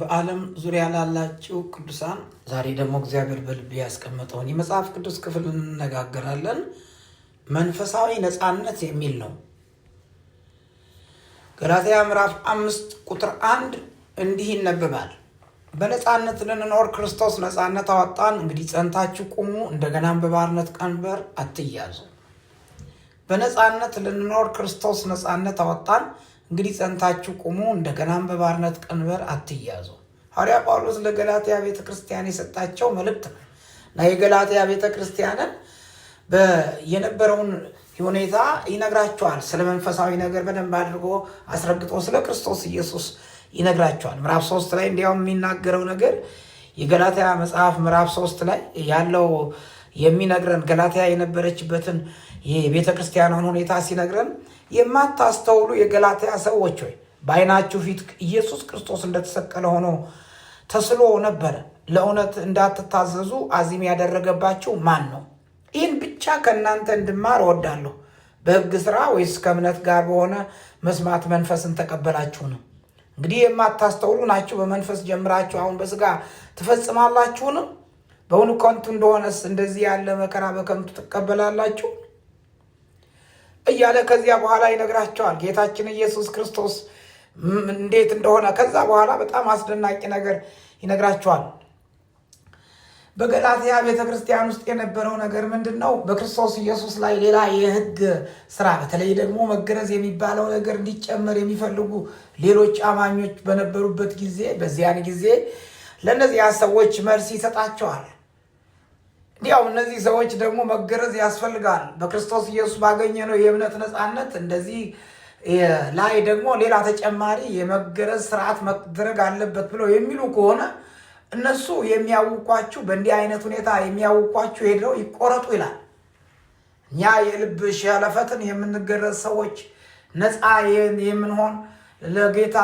በዓለም ዙሪያ ላላችሁ ቅዱሳን ዛሬ ደግሞ እግዚአብሔር በልብ ያስቀመጠውን የመጽሐፍ ቅዱስ ክፍል እንነጋገራለን። መንፈሳዊ ነፃነት የሚል ነው። ገላትያ ምዕራፍ አምስት ቁጥር አንድ እንዲህ ይነበባል። በነፃነት ልንኖር ክርስቶስ ነፃነት አወጣን። እንግዲህ ጸንታችሁ ቁሙ፣ እንደገናም በባርነት ቀንበር አትያዙ። በነፃነት ልንኖር ክርስቶስ ነፃነት አወጣን እንግዲህ ጸንታችሁ ቁሙ፣ እንደገናም በባርነት ቀንበር አትያዙ። ሐዋርያ ጳውሎስ ለገላትያ ቤተ ክርስቲያን የሰጣቸው መልእክት ነው እና የገላትያ ቤተ ክርስቲያንን የነበረውን ሁኔታ ይነግራቸዋል። ስለ መንፈሳዊ ነገር በደንብ አድርጎ አስረግጦ ስለ ክርስቶስ ኢየሱስ ይነግራቸዋል። ምዕራፍ ሶስት ላይ እንዲያውም የሚናገረው ነገር የገላትያ መጽሐፍ ምዕራፍ ሶስት ላይ ያለው የሚነግረን ገላትያ የነበረችበትን የቤተ ክርስቲያኗን ሁኔታ ሲነግረን የማታስተውሉ የገላትያ ሰዎች ሆይ በዓይናችሁ ፊት ኢየሱስ ክርስቶስ እንደተሰቀለ ሆኖ ተስሎ ነበረ። ለእውነት እንዳትታዘዙ አዚም ያደረገባችሁ ማን ነው? ይህን ብቻ ከእናንተ እንድማር እወዳለሁ። በሕግ ሥራ ወይስ ከእምነት ጋር በሆነ መስማት መንፈስን ተቀበላችሁ ነው? እንግዲህ የማታስተውሉ ናችሁ። በመንፈስ ጀምራችሁ አሁን በስጋ ትፈጽማላችሁንም? በእውኑ ከንቱ እንደሆነስ እንደዚህ ያለ መከራ በከንቱ ትቀበላላችሁ? እያለ ከዚያ በኋላ ይነግራቸዋል። ጌታችን ኢየሱስ ክርስቶስ እንዴት እንደሆነ ከዛ በኋላ በጣም አስደናቂ ነገር ይነግራቸዋል። በገላትያ ቤተ ክርስቲያን ውስጥ የነበረው ነገር ምንድን ነው? በክርስቶስ ኢየሱስ ላይ ሌላ የህግ ስራ በተለይ ደግሞ መገረዝ የሚባለው ነገር እንዲጨመር የሚፈልጉ ሌሎች አማኞች በነበሩበት ጊዜ በዚያን ጊዜ ለእነዚያ ሰዎች መልስ ይሰጣቸዋል። እንዲያው እነዚህ ሰዎች ደግሞ መገረዝ ያስፈልጋል። በክርስቶስ ኢየሱስ ባገኘ ነው የእምነት ነፃነት እንደዚህ ላይ ደግሞ ሌላ ተጨማሪ የመገረዝ ስርዓት መደረግ አለበት ብለው የሚሉ ከሆነ እነሱ የሚያውቋችሁ በእንዲህ አይነት ሁኔታ የሚያውቋችሁ ሄደው ይቆረጡ ይላል። እኛ የልብ ሸለፈትን የምንገረዝ ሰዎች ነፃ የምንሆን ለጌታ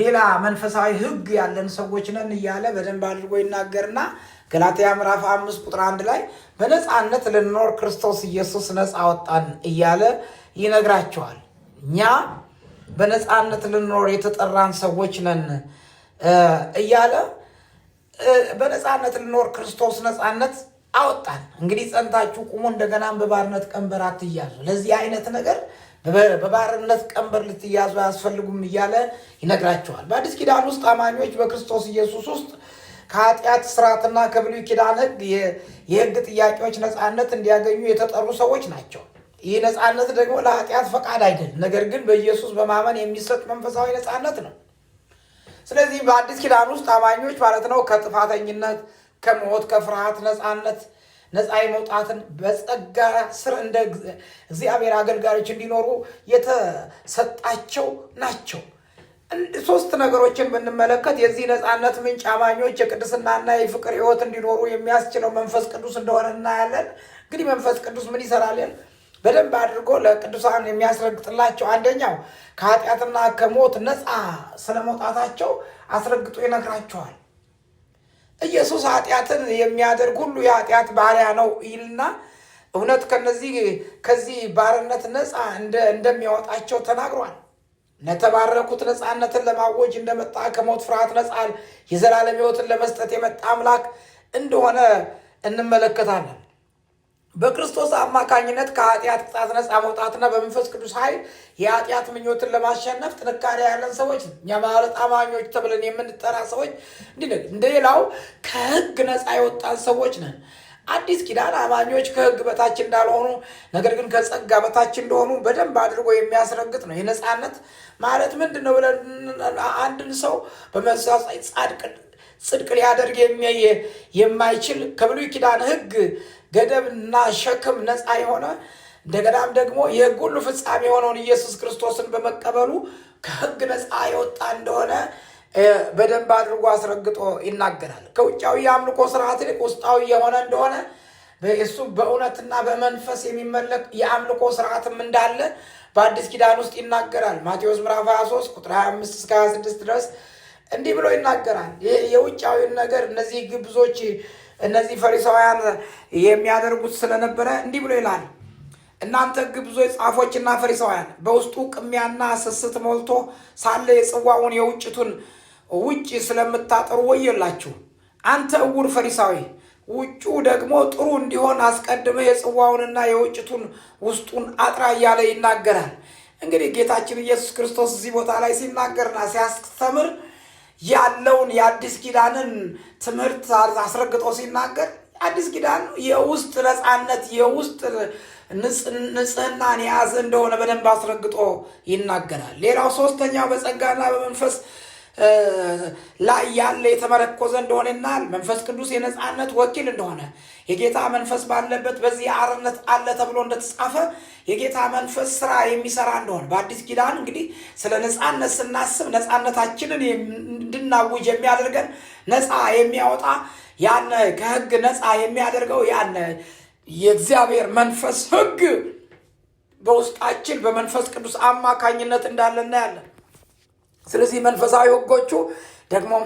ሌላ መንፈሳዊ ሕግ ያለን ሰዎች ነን እያለ በደንብ አድርጎ ይናገርና ገላትያ ምዕራፍ አምስት ቁጥር አንድ ላይ በነፃነት ልንኖር ክርስቶስ ኢየሱስ ነፃ አወጣን እያለ ይነግራቸዋል። እኛ በነፃነት ልንኖር የተጠራን ሰዎች ነን እያለ በነፃነት ልኖር ክርስቶስ ነፃነት አወጣን። እንግዲህ ጸንታችሁ ቁሙ፣ እንደገናም በባርነት ቀንበር አትያዙ። ለዚህ አይነት ነገር በባርነት ቀንበር ልትያዙ አያስፈልጉም እያለ ይነግራቸዋል። በአዲስ ኪዳን ውስጥ አማኞች በክርስቶስ ኢየሱስ ውስጥ ከኃጢአት ስርዓትና ከብሉይ ኪዳን ሕግ የሕግ ጥያቄዎች ነፃነት እንዲያገኙ የተጠሩ ሰዎች ናቸው። ይህ ነፃነት ደግሞ ለኃጢአት ፈቃድ አይደል፣ ነገር ግን በኢየሱስ በማመን የሚሰጥ መንፈሳዊ ነፃነት ነው። ስለዚህ በአዲስ ኪዳን ውስጥ አማኞች ማለት ነው ከጥፋተኝነት ከሞት፣ ከፍርሃት ነፃነት ነፃ የመውጣትን በጸጋ ስር እንደ እግዚአብሔር አገልጋዮች እንዲኖሩ የተሰጣቸው ናቸው። ሶስት ነገሮችን ብንመለከት የዚህ ነፃነት ምንጭ አማኞች የቅድስናና የፍቅር ህይወት እንዲኖሩ የሚያስችለው መንፈስ ቅዱስ እንደሆነ እናያለን። እንግዲህ መንፈስ ቅዱስ ምን ይሰራልን? በደንብ አድርጎ ለቅዱሳን የሚያስረግጥላቸው አንደኛው ከኃጢአትና ከሞት ነፃ ስለመውጣታቸው አስረግጦ ይነግራቸዋል። ኢየሱስ ኃጢአትን የሚያደርግ ሁሉ የኃጢአት ባሪያ ነው ይልና እውነት ከነዚህ ከዚህ ባርነት ነፃ እንደሚያወጣቸው ተናግሯል። ለተባረኩት ነፃነትን ለማወጅ እንደመጣ ከሞት ፍርሃት ነፃ የዘላለም ሕይወትን ለመስጠት የመጣ አምላክ እንደሆነ እንመለከታለን። በክርስቶስ አማካኝነት ከኃጢአት ቅጣት ነፃ መውጣትና በመንፈስ ቅዱስ ኃይል የኃጢአት ምኞትን ለማሸነፍ ጥንካሬ ያለን ሰዎች እኛ ማለት አማኞች ተብለን የምንጠራ ሰዎች እንዲህ እንደሌላው ከህግ ነፃ የወጣን ሰዎች ነን። አዲስ ኪዳን አማኞች ከህግ በታች እንዳልሆኑ ነገር ግን ከጸጋ በታች እንደሆኑ በደንብ አድርጎ የሚያስረግጥ ነው። የነፃነት ማለት ምንድን ነው ብለን አንድን ሰው በመሳሳይ ጻድቅ ጽድቅ ሊያደርግ የማይችል ከብሉይ ኪዳን ሕግ ገደብና ሸክም ነፃ የሆነ እንደገናም ደግሞ የሕግ ሁሉ ፍጻሜ የሆነውን ኢየሱስ ክርስቶስን በመቀበሉ ከሕግ ነፃ የወጣ እንደሆነ በደንብ አድርጎ አስረግጦ ይናገራል። ከውጫዊ የአምልኮ ስርዓት ይልቅ ውስጣዊ የሆነ እንደሆነ እሱ በእውነትና በመንፈስ የሚመለክ የአምልኮ ስርዓትም እንዳለ በአዲስ ኪዳን ውስጥ ይናገራል። ማቴዎስ ምዕራፍ 23 ቁጥር 25 እስከ 26 ድረስ እንዲህ ብሎ ይናገራል። የውጫዊን ነገር እነዚህ ግብዞች፣ እነዚህ ፈሪሳውያን የሚያደርጉት ስለነበረ እንዲህ ብሎ ይላል። እናንተ ግብዞች፣ ጻፎችና ፈሪሳውያን በውስጡ ቅሚያና ስስት ሞልቶ ሳለ የጽዋውን የውጭቱን ውጭ ስለምታጠሩ ወየላችሁ። አንተ እውር ፈሪሳዊ ውጩ ደግሞ ጥሩ እንዲሆን አስቀድመ የጽዋውንና የውጭቱን ውስጡን አጥራ እያለ ይናገራል። እንግዲህ ጌታችን ኢየሱስ ክርስቶስ እዚህ ቦታ ላይ ሲናገርና ሲያስተምር ያለውን የአዲስ ኪዳንን ትምህርት አስረግጦ ሲናገር አዲስ ኪዳን የውስጥ ነፃነት የውስጥ ንጽህናን የያዘ እንደሆነ በደንብ አስረግጦ ይናገራል። ሌላው ሶስተኛው በጸጋና በመንፈስ ላይ ያለ የተመረኮዘ እንደሆነና መንፈስ ቅዱስ የነፃነት ወኪል እንደሆነ የጌታ መንፈስ ባለበት በዚህ አርነት አለ ተብሎ እንደተጻፈ የጌታ መንፈስ ስራ የሚሰራ እንደሆነ በአዲስ ኪዳን እንግዲህ ስለ ነፃነት ስናስብ ነፃነታችንን እንድናውጅ የሚያደርገን ነፃ የሚያወጣ ያነ ከህግ ነፃ የሚያደርገው ያነ የእግዚአብሔር መንፈስ ህግ በውስጣችን በመንፈስ ቅዱስ አማካኝነት እንዳለ እናያለን። ስለዚህ መንፈሳዊ ህጎቹ ደግሞም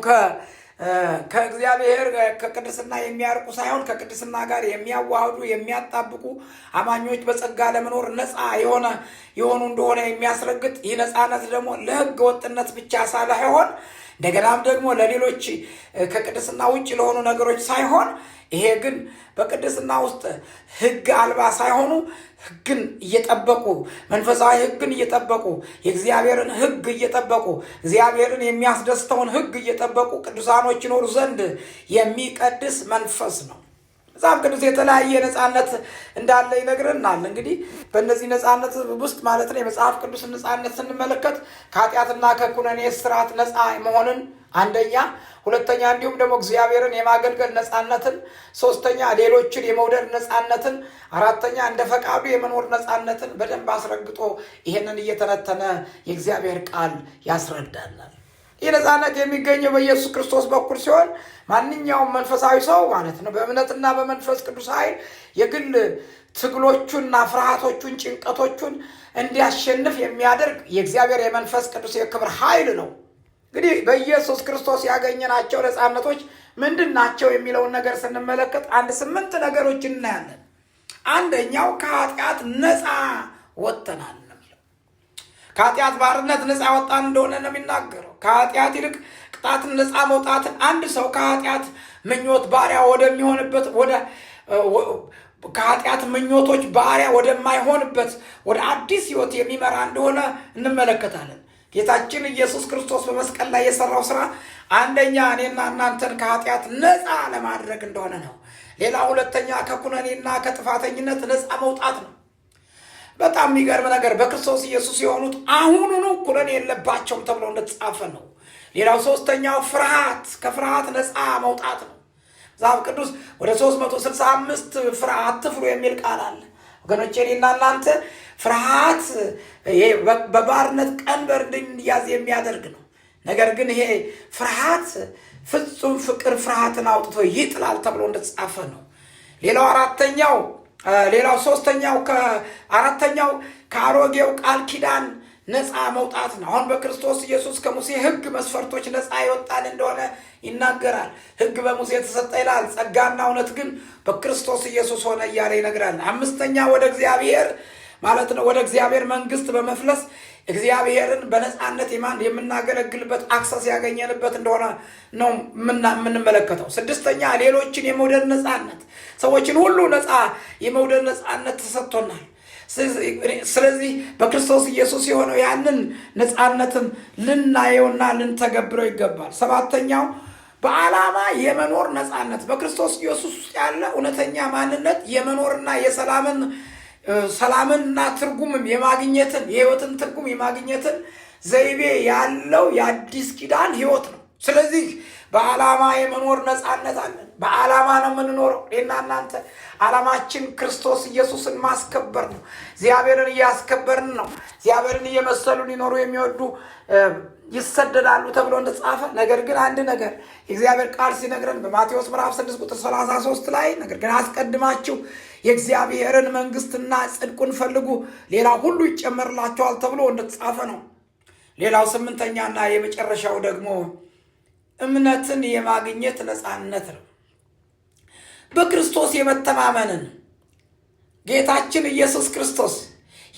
ከእግዚአብሔር ከቅድስና የሚያርቁ ሳይሆን ከቅድስና ጋር የሚያዋህዱ የሚያጣብቁ አማኞች በጸጋ ለመኖር ነፃ የሆነ የሆኑ እንደሆነ የሚያስረግጥ ይህ ነፃነት ደግሞ ለሕገ ወጥነት ብቻ ይሆን እንደገናም ደግሞ ለሌሎች ከቅድስና ውጭ ለሆኑ ነገሮች ሳይሆን ይሄ ግን በቅድስና ውስጥ ሕግ አልባ ሳይሆኑ ሕግን እየጠበቁ መንፈሳዊ ሕግን እየጠበቁ የእግዚአብሔርን ሕግ እየጠበቁ እግዚአብሔርን የሚያስደስተውን ሕግ እየጠበቁ ቅዱሳኖች ይኖሩ ዘንድ የሚቀድስ መንፈስ ነው። መጽሐፍ ቅዱስ የተለያየ ነፃነት እንዳለ ይነግረናል። እንግዲህ በእነዚህ ነፃነት ውስጥ ማለት ነው የመጽሐፍ ቅዱስን ነፃነት ስንመለከት ከኃጢአትና ከኩነኔ ስርዓት ነፃ መሆንን አንደኛ፣ ሁለተኛ እንዲሁም ደግሞ እግዚአብሔርን የማገልገል ነፃነትን፣ ሶስተኛ ሌሎችን የመውደድ ነፃነትን፣ አራተኛ እንደ ፈቃዱ የመኖር ነፃነትን በደንብ አስረግጦ ይሄንን እየተነተነ የእግዚአብሔር ቃል ያስረዳናል። ይህ ነፃነት የሚገኘው በኢየሱስ ክርስቶስ በኩል ሲሆን ማንኛውም መንፈሳዊ ሰው ማለት ነው በእምነትና በመንፈስ ቅዱስ ኃይል የግል ትግሎቹንና ፍርሃቶቹን፣ ጭንቀቶቹን እንዲያሸንፍ የሚያደርግ የእግዚአብሔር የመንፈስ ቅዱስ የክብር ኃይል ነው። እንግዲህ በኢየሱስ ክርስቶስ ያገኘናቸው ነፃነቶች ምንድን ናቸው የሚለውን ነገር ስንመለከት አንድ ስምንት ነገሮች እናያለን። አንደኛው ከኃጢአት ነፃ ወጥተናል ነው የሚለው። ከኃጢአት ባርነት ነፃ ወጣን እንደሆነ ነው የሚናገረው። ከኃጢአት ይልቅ ቅጣትን ነፃ መውጣትን አንድ ሰው ከኃጢአት ምኞት ባሪያ ወደሚሆንበት ወደ ከኃጢአት ምኞቶች ባሪያ ወደማይሆንበት ወደ አዲስ ህይወት የሚመራ እንደሆነ እንመለከታለን። ጌታችን ኢየሱስ ክርስቶስ በመስቀል ላይ የሰራው ስራ አንደኛ እኔና እናንተን ከኃጢአት ነፃ ለማድረግ እንደሆነ ነው። ሌላ ሁለተኛ ከኩነኔና ከጥፋተኝነት ነፃ መውጣት ነው። በጣም የሚገርም ነገር በክርስቶስ ኢየሱስ የሆኑት አሁኑኑ ኩነኔ የለባቸውም ተብሎ እንደተጻፈ ነው። ሌላው ሶስተኛው ፍርሃት ከፍርሃት ነፃ መውጣት ነው። መጽሐፍ ቅዱስ ወደ 365 ፍርሃት ትፍሩ የሚል ቃል አለ። ወገኖቼ እኔና እናንተ ፍርሃት በባርነት ቀንበር እንድንያዝ የሚያደርግ ነው። ነገር ግን ይሄ ፍርሃት ፍጹም ፍቅር ፍርሃትን አውጥቶ ይጥላል ተብሎ እንደተጻፈ ነው። ሌላው አራተኛው ሌላው ሶስተኛው አራተኛው ከአሮጌው ቃል ኪዳን ነፃ መውጣት ነው። አሁን በክርስቶስ ኢየሱስ ከሙሴ ሕግ መስፈርቶች ነፃ ይወጣል እንደሆነ ይናገራል። ሕግ በሙሴ ተሰጠ ይላል፣ ጸጋና እውነት ግን በክርስቶስ ኢየሱስ ሆነ እያለ ይነግራል። አምስተኛ ወደ እግዚአብሔር ማለት ነው ወደ እግዚአብሔር መንግስት በመፍለስ እግዚአብሔርን በነፃነት የምናገለግልበት አክሰስ ያገኘንበት እንደሆነ ነው የምንመለከተው። ስድስተኛ ሌሎችን የመውደድ ነፃነት፣ ሰዎችን ሁሉ ነፃ የመውደድ ነፃነት ተሰጥቶናል። ስለዚህ በክርስቶስ ኢየሱስ የሆነው ያንን ነፃነትን ልናየውና ልንተገብረው ይገባል። ሰባተኛው በዓላማ የመኖር ነፃነት፣ በክርስቶስ ኢየሱስ ውስጥ ያለ እውነተኛ ማንነት የመኖርና የሰላምን ሰላምንና ትርጉምም የማግኘትን የህይወትን ትርጉም የማግኘትን ዘይቤ ያለው የአዲስ ኪዳን ህይወት ነው። ስለዚህ በዓላማ የመኖር ነፃነት አለን። በዓላማ ነው የምንኖረው። እኔና እናንተ ዓላማችን ክርስቶስ ኢየሱስን ማስከበር ነው። እግዚአብሔርን እያስከበርን ነው። እግዚአብሔርን እየመሰሉ ሊኖሩ የሚወዱ ይሰደዳሉ ተብሎ እንደተጻፈ፣ ነገር ግን አንድ ነገር የእግዚአብሔር ቃል ሲነግረን በማቴዎስ ምዕራፍ 6 ቁጥር 33 ላይ ነገር ግን አስቀድማችሁ የእግዚአብሔርን መንግስትና ጽድቁን ፈልጉ፣ ሌላ ሁሉ ይጨመርላችኋል ተብሎ እንደተጻፈ ነው። ሌላው ስምንተኛና የመጨረሻው ደግሞ እምነትን የማግኘት ነፃነት ነው። በክርስቶስ የመተማመንን ጌታችን ኢየሱስ ክርስቶስ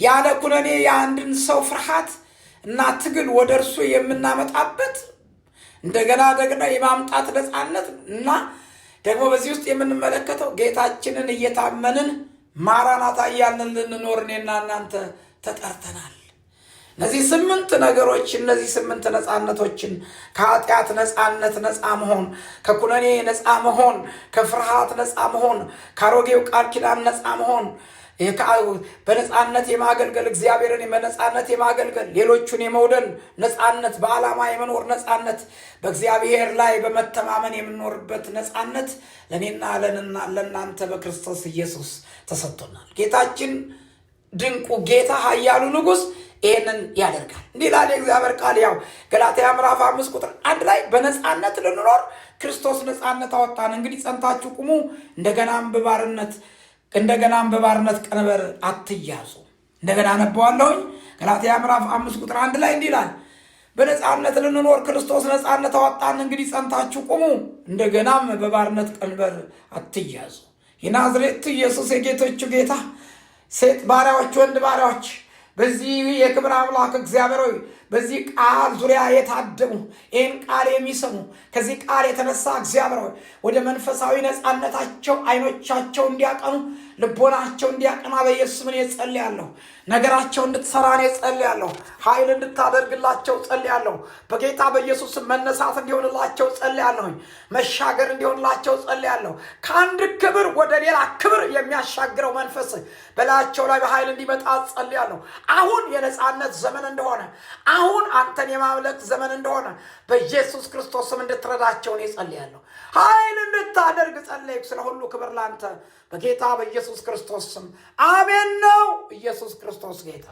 ያለ ኩነኔ የአንድን ሰው ፍርሃት እና ትግል ወደ እርሱ የምናመጣበት እንደገና ደግሞ የማምጣት ነፃነት እና ደግሞ በዚህ ውስጥ የምንመለከተው ጌታችንን እየታመንን ማራናታ እያልን ልንኖር እኔና እናንተ ተጠርተናል። እነዚህ ስምንት ነገሮች እነዚህ ስምንት ነፃነቶችን ከኃጢአት ነፃነት ነፃ መሆን፣ ከኩነኔ ነፃ መሆን፣ ከፍርሃት ነፃ መሆን፣ ከአሮጌው ቃል ኪዳን ነፃ መሆን በነፃነት የማገልገል እግዚአብሔርን በነፃነት የማገልገል ሌሎቹን የመውደን ነፃነት፣ በዓላማ የመኖር ነፃነት፣ በእግዚአብሔር ላይ በመተማመን የምንኖርበት ነፃነት ለእኔና ለእናንተ በክርስቶስ ኢየሱስ ተሰጥቶናል። ጌታችን ድንቁ ጌታ ኃያሉ ንጉሥ ይህንን ያደርጋል። ላለ እግዚአብሔር ቃል። ያው ገላትያ ምዕራፍ አምስት ቁጥር አንድ ላይ በነፃነት ልንኖር ክርስቶስ ነፃነት አወጣን፣ እንግዲህ ጸንታችሁ ቁሙ፣ እንደገናም በባርነት እንደገናም በባርነት ቀንበር አትያዙ። እንደገና አነበዋለሁኝ። ገላትያ ምዕራፍ አምስት ቁጥር አንድ ላይ እንዲህ ይላል በነፃነት ልንኖር ክርስቶስ ነፃነት አወጣን፣ እንግዲህ ጸንታችሁ ቁሙ፣ እንደገናም በባርነት ቀንበር አትያዙ። የናዝሬቱ ኢየሱስ የጌቶቹ ጌታ ሴት ባሪያዎች፣ ወንድ ባሪያዎች በዚህ የክብር አምላክ እግዚአብሔር ሆይ በዚህ ቃል ዙሪያ የታደሙ ይህን ቃል የሚሰሙ ከዚህ ቃል የተነሳ እግዚአብሔር ሆይ ወደ መንፈሳዊ ነፃነታቸው አይኖቻቸው እንዲያቀኑ ልቦናቸው እንዲያቀና በኢየሱስ ስም እጸልያለሁ። ነገራቸው እንድትሰራ እኔ እጸልያለሁ። ኃይል እንድታደርግላቸው ጸልያለሁ። በጌታ በኢየሱስ መነሳት እንዲሆንላቸው ጸልያለሁኝ። መሻገር እንዲሆንላቸው ጸልያለሁ። ከአንድ ክብር ወደ ሌላ ክብር የሚያሻግረው መንፈስ በላያቸው ላይ በኃይል እንዲመጣ ጸልያለሁ። አሁን የነፃነት ዘመን እንደሆነ፣ አሁን አንተን የማምለክ ዘመን እንደሆነ በኢየሱስ ክርስቶስም እንድትረዳቸው እኔ ጸልያለሁ። ኃይል እንድታደርግ ጸለይኩ። ስለ ሁሉ ክብር ላንተ በጌታ በኢየሱስ ክርስቶስ ስም አሜን። ነው ኢየሱስ ክርስቶስ ጌታ